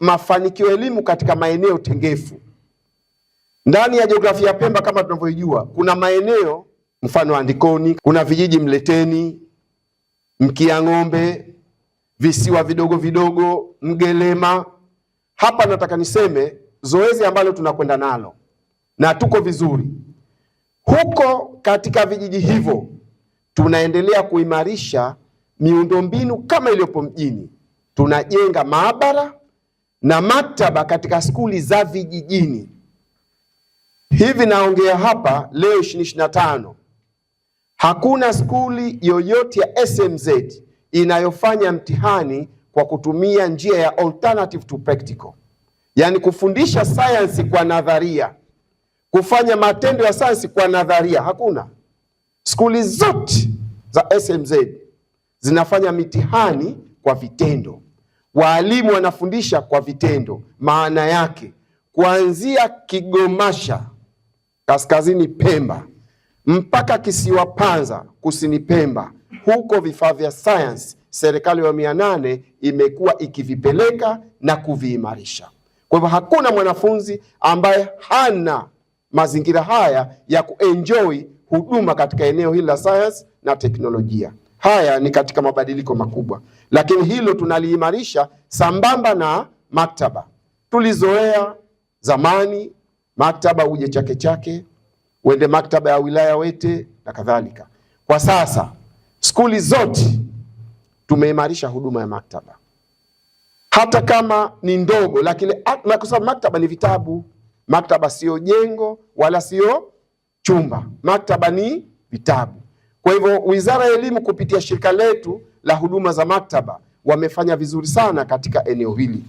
mafanikio elimu katika maeneo tengefu. Ndani ya jiografia ya Pemba kama tunavyoijua, kuna maeneo mfano Andikoni, kuna vijiji Mleteni, mkia ng'ombe visiwa vidogo vidogo, Mgelema. Hapa nataka niseme zoezi ambalo tunakwenda nalo na tuko vizuri huko katika vijiji hivyo, tunaendelea kuimarisha miundombinu kama iliyopo mjini. Tunajenga maabara na maktaba katika skuli za vijijini. Hivi naongea hapa leo 25 hakuna skuli yoyote ya SMZ inayofanya mtihani kwa kutumia njia ya alternative to practical, yaani kufundisha sayansi kwa nadharia, kufanya matendo ya sayansi kwa nadharia. Hakuna skuli zote za SMZ zinafanya mitihani kwa vitendo. Waalimu wanafundisha kwa vitendo. Maana yake kuanzia Kigomasha kaskazini Pemba mpaka kisiwa Panza kusini Pemba, huko vifaa vya sayansi serikali ya mia nane imekuwa ikivipeleka na kuviimarisha. Kwa hivyo hakuna mwanafunzi ambaye hana mazingira haya ya kuenjoy huduma katika eneo hili la sayansi na teknolojia. Haya ni katika mabadiliko makubwa, lakini hilo tunaliimarisha sambamba na maktaba. Tulizoea zamani maktaba uje Chake Chake, uende maktaba ya wilaya Wete na kadhalika. Kwa sasa skuli zote tumeimarisha huduma ya maktaba, hata kama ni ndogo, lakini kwa sababu maktaba ni vitabu. Maktaba siyo jengo wala siyo chumba, maktaba ni vitabu. Kwa hivyo Wizara ya Elimu kupitia shirika letu la huduma za maktaba wamefanya vizuri sana katika eneo hili.